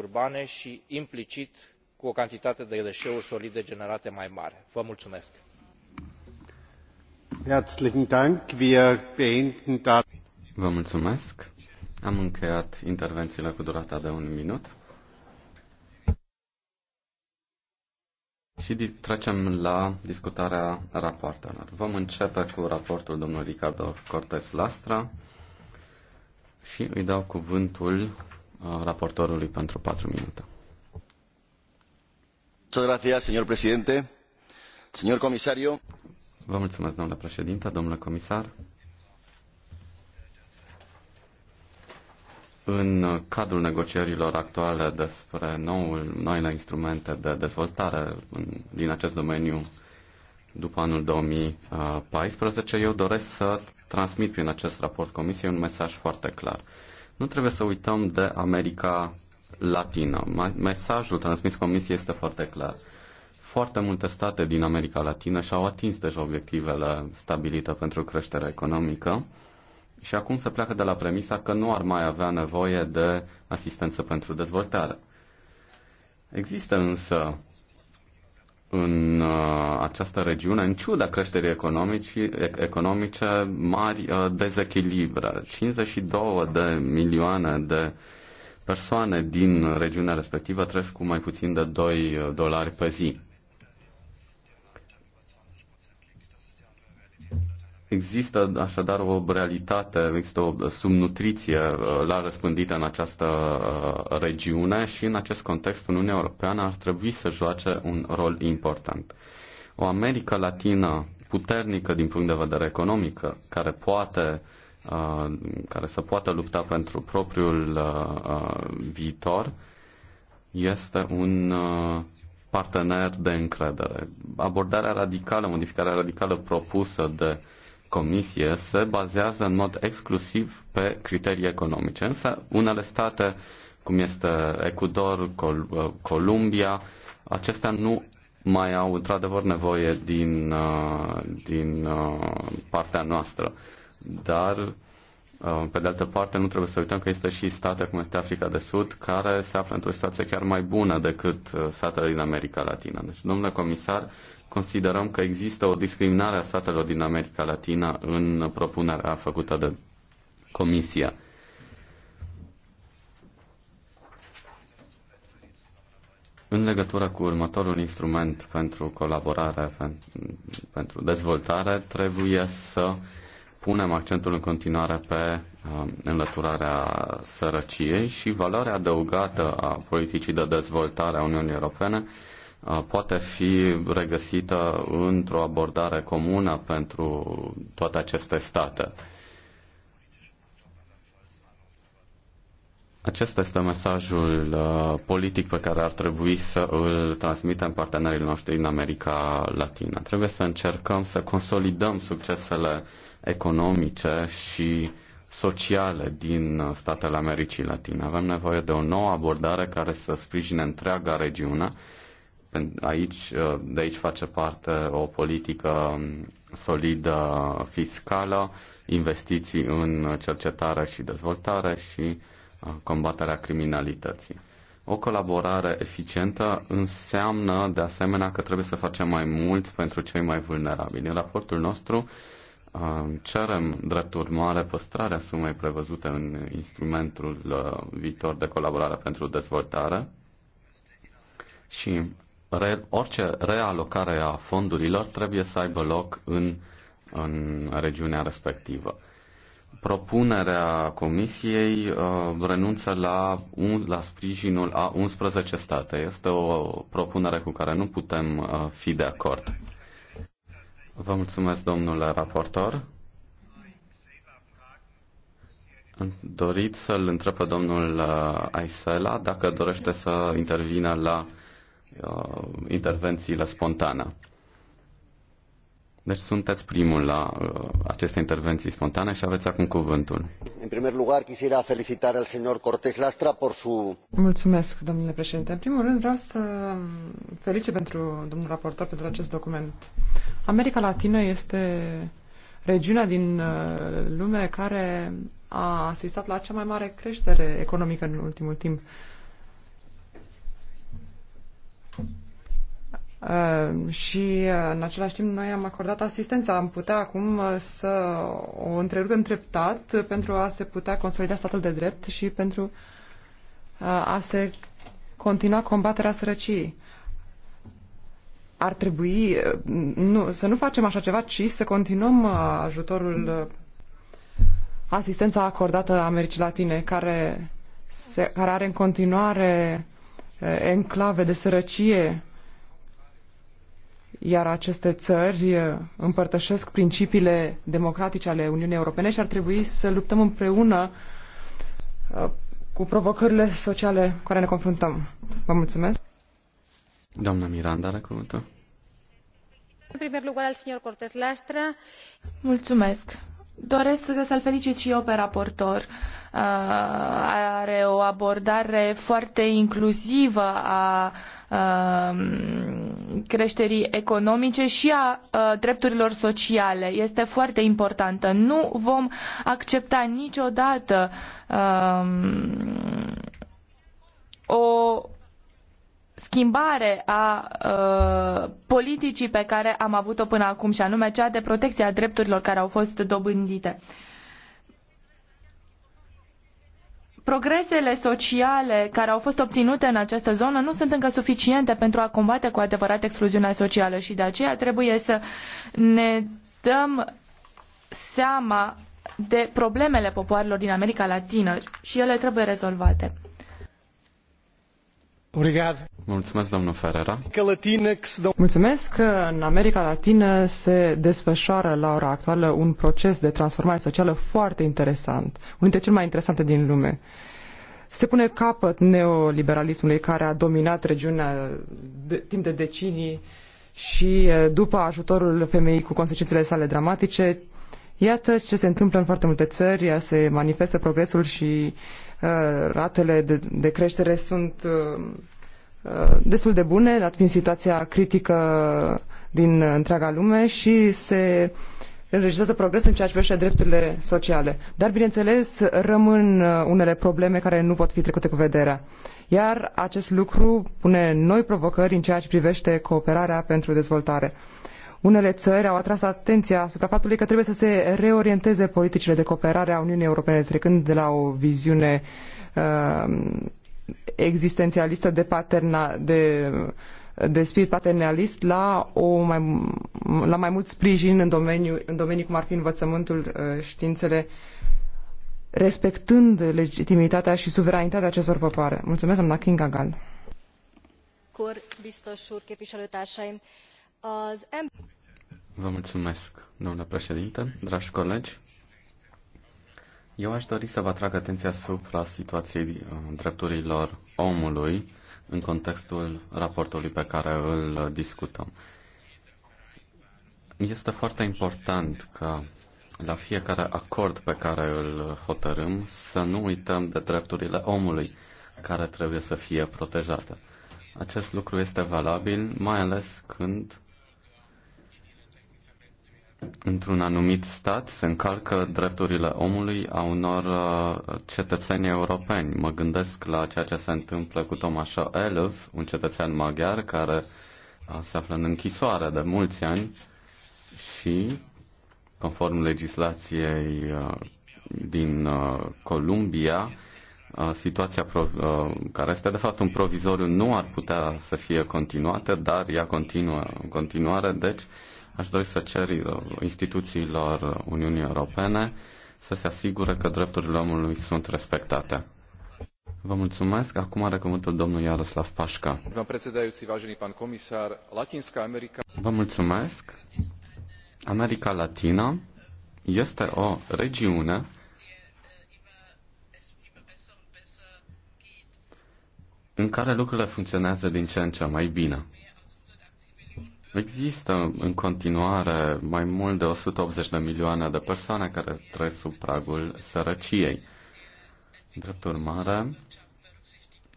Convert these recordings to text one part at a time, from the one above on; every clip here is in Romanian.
urbane i implicit cu o cantitate de deeuri solide generate mai mare. vă mulumesc. Da- vă mulțumesc. Am încheiat intervențiile cu durata de un minut. Și trecem la discutarea rapoartelor. Vom începe cu raportul domnului Ricardo Cortez Lastra și îi dau cuvântul Uh, raportorului pentru patru minute. Vă mulțumesc, domnule președinte, domnule comisar. În cadrul negocierilor actuale despre noul, noile instrumente de dezvoltare în, din acest domeniu după anul 2014, eu doresc să transmit prin acest raport Comisiei un mesaj foarte clar. Nu trebuie să uităm de America Latină. Mesajul transmis Comisiei este foarte clar. Foarte multe state din America Latină și-au atins deja obiectivele stabilite pentru creșterea economică și acum se pleacă de la premisa că nu ar mai avea nevoie de asistență pentru dezvoltare. Există însă în uh, această regiune, în ciuda creșterii economice, mari uh, dezechilibre. 52 de milioane de persoane din regiunea respectivă trăiesc cu mai puțin de 2 uh, dolari pe zi. Există așadar o realitate, există o subnutriție uh, la răspândită în această uh, regiune și în acest context Uniunea Europeană ar trebui să joace un rol important. O America Latină puternică din punct de vedere economic, care poate uh, care să poată lupta pentru propriul viitor, este un partener de încredere. Abordarea radicală, modificarea radicală propusă de uh, comisie se bazează în mod exclusiv pe criterii economice, însă unele state, cum este Ecuador, Col- uh, Columbia, acestea nu mai au într-adevăr nevoie din, uh, din uh, partea noastră. Dar Uh, pe de altă parte, nu trebuie să uităm că există și state cum este Africa de Sud, care se află într-o situație chiar mai bună decât uh, statele din America Latina. Deci, domnule comisar, considerăm că există o discriminare a statelor din America Latina în propunerea făcută de Comisia. În legătură cu următorul instrument pentru colaborare, pentru dezvoltare, trebuie să punem accentul în continuare pe um, înlăturarea sărăciei și valoarea adăugată a politicii de dezvoltare a Uniunii Europene uh, poate fi regăsită într-o abordare comună pentru toate aceste state. Acesta este mesajul uh, politic pe care ar trebui să îl transmitem partenerii noștri din America Latină. Trebuie să încercăm să consolidăm succesele uh, economice și sociale din statele Americii Latine. Avem nevoie de o nouă abordare care să sprijine întreaga regiune. Aici, uh, de aici face parte o politică solidă fiscală, investiții în cercetare și dezvoltare și uh, combaterea criminalității. O colaborare eficientă înseamnă, de asemenea, că trebuie să facem mai mult pentru cei mai vulnerabili. În raportul nostru, Cerem, drept urmare, păstrarea sumei prevăzute în instrumentul uh, viitor de colaborare pentru dezvoltare și orice realocare a fondurilor trebuie să aibă loc în, în regiunea respectivă. Propunerea Comisiei uh, renunță la, un, la sprijinul a 11 state. Este o propunere cu care nu putem uh, fi de acord. Vă mulțumesc, domnule raportor. Doriți să-l întreb pe domnul uh, Aisela dacă dorește să intervină la uh, intervențiile spontane. Deci sunteți primul la uh, aceste intervenții spontane și aveți acum cuvântul. În primul lugar, quisiera felicitar al senor Cortés Lastra por su... Mulțumesc, domnule președinte. În primul rând vreau să felice pentru domnul raportor pentru acest document America Latină este regiunea din uh, lume care a asistat la cea mai mare creștere economică în ultimul timp. Uh, și uh, în același timp noi am acordat asistența. Am putea acum să o întrerupem treptat pentru a se putea consolida statul de drept și pentru a se continua combaterea sărăciei ar trebui uh, nu, să nu facem așa ceva, ci să continuăm uh, ajutorul, uh, asistența acordată Americii Latine, care, se, care are în continuare enclave de sărăcie, iar aceste țări împărtășesc principiile democratice ale Uniunii Europene și ar trebui să luptăm împreună cu provocările sociale cu care ne confruntăm. Vă mulțumesc! Doamna Miranda are cuvântul. În primul lugar, al señor Cortés Lastra. Mulțumesc. Doresc să-l felicit și eu pe raportor. are o abordare foarte inclusivă a creșterii economice și a drepturilor sociale. Este foarte importantă. Nu vom accepta niciodată o schimbare a uh, politicii pe care am avut-o până acum, și anume cea de protecție a drepturilor care au fost dobândite. Progresele sociale care au fost obținute în această zonă nu sunt încă suficiente pentru a combate cu adevărat excluziunea socială și de aceea trebuie să ne dăm seama de problemele popoarelor din America Latină și ele trebuie rezolvate. Obrigado. Mulțumesc, domnul Ferrera. Mulțumesc. În America Latină se desfășoară la ora actuală un proces de transformare socială foarte interesant, unul dintre cele mai interesante din lume. Se pune capăt neoliberalismului care a dominat regiunea de, timp de decenii și după ajutorul femeii cu consecințele sale dramatice, Iată ce se întâmplă în foarte multe țări, se manifestă progresul și uh, ratele de, de creștere sunt uh, Uh, destul de bune, dat fiind situația critică din întreaga lume și se înregistrează progres în ceea ce privește drepturile sociale. Dar, bineînțeles, rămân uh, unele probleme care nu pot fi trecute cu vederea. Iar acest lucru pune noi provocări în ceea ce privește cooperarea pentru dezvoltare. Unele țări au atras atenția asupra faptului că trebuie să se reorienteze politicile de cooperare a Uniunii Europene, trecând de la o viziune uh, existențialistă de, paterna, de, de spirit paternalist la, o mai, la mai mult sprijin în, domeniu, în domeniu cum ar fi învățământul, uh, științele, respectând legitimitatea și suveranitatea acestor popoare. Mulțumesc, doamna Kinga Gal. Vă mulțumesc, domnule președinte, dragi colegi. Eu aș dori să vă atrag atenția asupra situației uh, drepturilor omului în contextul raportului pe care îl uh, discutăm. Este foarte important ca la fiecare acord pe care îl uh, hotărâm să nu uităm de drepturile omului care trebuie să fie protejate. Acest lucru este valabil mai ales când într-un anumit stat se încalcă drepturile omului a unor uh, cetățeni europeni. Mă gândesc la ceea ce se întâmplă cu Tomașa Elov, un cetățean maghiar care uh, se află în închisoare de mulți ani și, conform legislației uh, din Columbia, situația care este de fapt un provizoriu nu ar putea să fie continuată, dar ea continuă în continuare, deci Aș dori să cer uh, instituțiilor Uniunii Europene să se asigure că drepturile omului sunt respectate. Vă mulțumesc. Acum are cuvântul domnul Iaroslav Pașca. Vă mulțumesc. America Latina este o regiune în care lucrurile funcționează din ce în ce mai bine. Există în continuare mai mult de 180 de milioane de persoane care trăiesc sub pragul sărăciei. Drept urmare,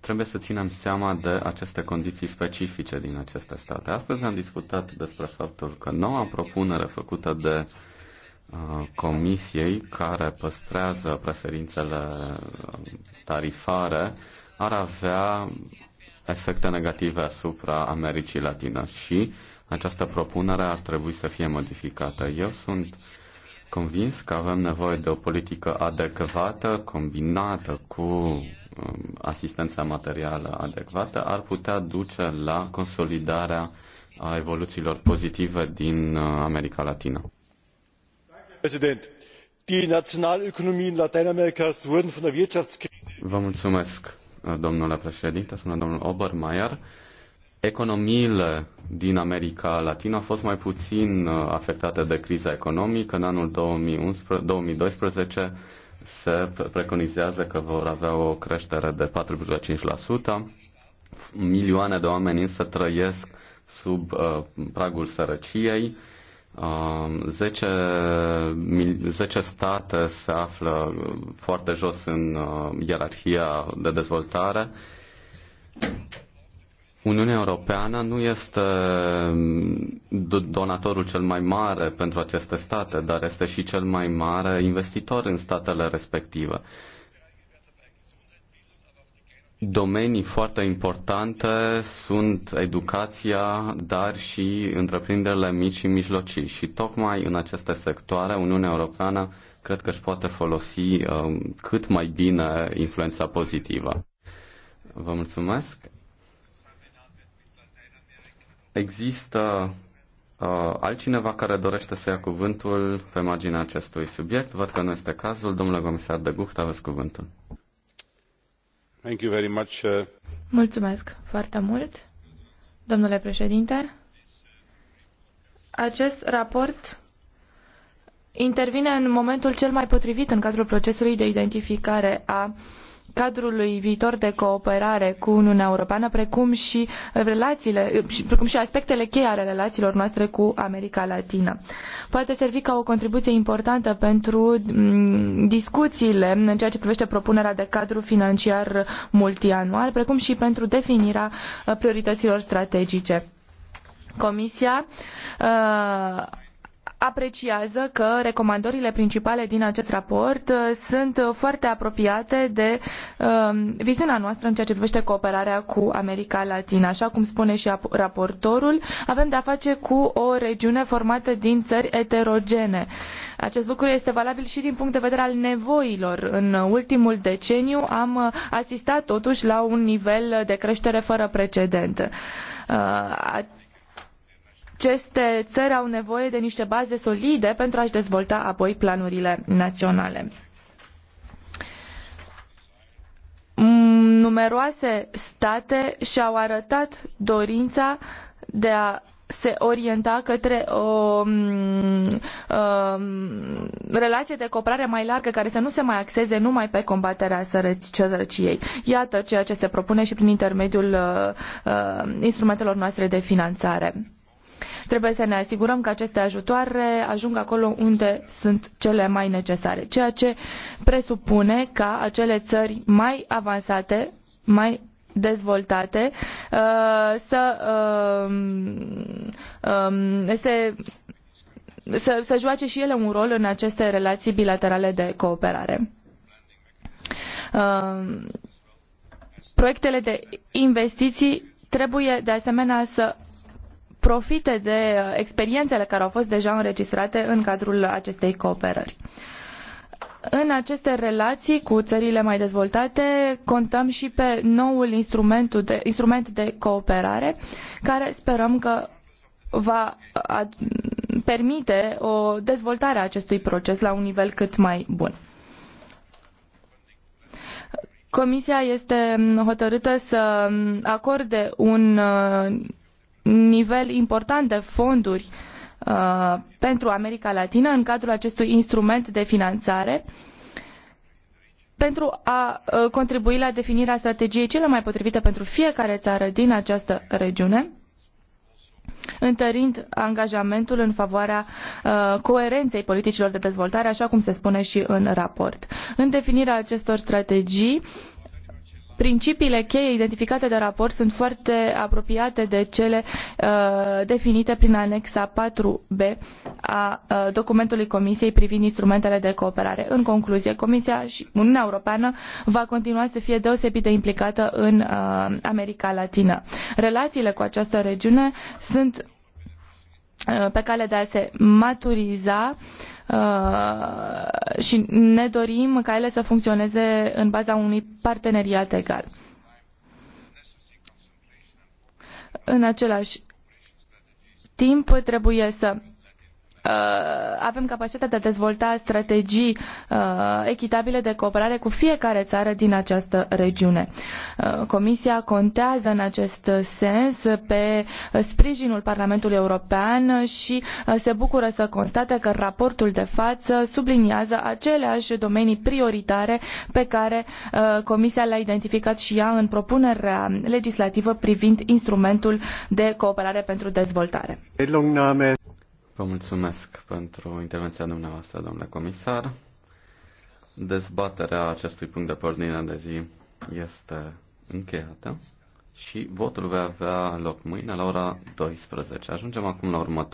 trebuie să ținem seama de aceste condiții specifice din aceste state. Astăzi am discutat despre faptul că noua propunere făcută de uh, Comisiei care păstrează preferințele uh, tarifare ar avea efecte negative asupra Americii Latine și această propunere ar trebui să fie modificată. Eu sunt convins că avem nevoie de o politică adecvată, combinată cu um, asistența materială adecvată, ar putea duce la consolidarea a evoluțiilor pozitive din uh, America Latină. Vă mulțumesc domnule președinte, sună domnul Obermeier, economiile din America Latină au fost mai puțin uh, afectate de criza economică. În anul 2011, 2012 se preconizează că vor avea o creștere de 4,5%. Milioane de oameni însă trăiesc sub uh, pragul sărăciei. Uh, 10, um, 10 state se află foarte jos în uh, ierarhia de dezvoltare. Uniunea Europeană nu este um, donatorul cel mai mare pentru aceste state, dar este și cel mai mare investitor în statele respective domenii foarte importante sunt educația, dar și întreprinderile mici și mijlocii. Și tocmai în aceste sectoare, Uniunea Europeană cred că își poate folosi um, cât mai bine influența pozitivă. Vă mulțumesc. Există uh, altcineva care dorește să ia cuvântul pe marginea acestui subiect? Văd că nu este cazul. Domnule comisar de Gucht, aveți cuvântul. Uh, Mulțumesc foarte mult, domnule președinte. Acest raport intervine în momentul cel mai potrivit în cadrul procesului de identificare a cadrului viitor de cooperare cu Uniunea Europeană, precum și relațiile, precum și aspectele cheie ale relațiilor noastre cu America Latină. Poate servi ca o contribuție importantă pentru mm, discuțiile în ceea ce privește propunerea de cadru financiar multianual, precum și pentru definirea uh, priorităților strategice. Comisia uh, apreciază că recomandările principale din acest raport uh, sunt foarte apropiate de um, viziunea noastră în ceea ce privește cooperarea cu America Latină. Așa cum spune și raportorul, avem de-a face cu o regiune formată din țări eterogene. Acest lucru este valabil și din punct de vedere al nevoilor. În ultimul deceniu am uh, asistat totuși la un nivel de creștere fără precedent uh, aceste țări au nevoie de niște baze solide pentru a-și dezvolta apoi planurile naționale. Mm, numeroase state și-au arătat dorința de a se orienta către o mm, um, relație de cooperare mai largă care să nu se mai axeze numai pe combaterea sărăciei. Iată ceea ce se propune și prin intermediul uh, uh instrumentelor noastre de finanțare. Trebuie să ne asigurăm că aceste ajutoare ajung acolo unde sunt cele mai necesare, ceea ce presupune ca acele țări mai avansate, mai dezvoltate uh, să uh, um, să, să joace și ele un rol în aceste relații bilaterale de cooperare. Uh, proiectele de investiții trebuie de asemenea să profite de uh, experiențele care au fost deja înregistrate în cadrul acestei cooperări. În aceste relații cu țările mai dezvoltate contăm și pe noul instrument de, instrument de cooperare care sperăm că va uh, permite o dezvoltare a acestui proces la un nivel cât mai bun. Comisia este hotărâtă să acorde un uh, nivel important de fonduri uh, pentru America Latină în cadrul acestui instrument de finanțare pentru a uh, contribui la definirea strategiei cele mai potrivite pentru fiecare țară din această regiune întărind angajamentul în favoarea uh, coerenței politicilor de dezvoltare, așa cum se spune și în raport. În definirea acestor strategii, Principiile cheie identificate de raport sunt foarte apropiate de cele uh, definite prin anexa 4b a uh, documentului Comisiei privind instrumentele de cooperare. În concluzie, Comisia și Uniunea Europeană va continua să fie deosebit de implicată în uh, America Latină. Relațiile cu această regiune sunt Uh, pe cale de a se maturiza uh, și ne dorim ca ele să funcționeze în baza unui parteneriat egal. În același timp, trebuie să Uh, avem capacitatea de a dezvolta strategii uh, echitabile de cooperare cu fiecare țară din această regiune. Uh, Comisia contează în acest sens pe sprijinul Parlamentului European și se bucură să constate că raportul de față subliniază aceleași domenii prioritare pe care Comisia le-a identificat și ea în propunerea legislativă privind instrumentul de cooperare pentru dezvoltare. Vă mulțumesc pentru intervenția dumneavoastră, domnule comisar. Dezbaterea acestui punct de pornire de zi este încheiată și votul va avea loc mâine la ora 12. Ajungem acum la următor.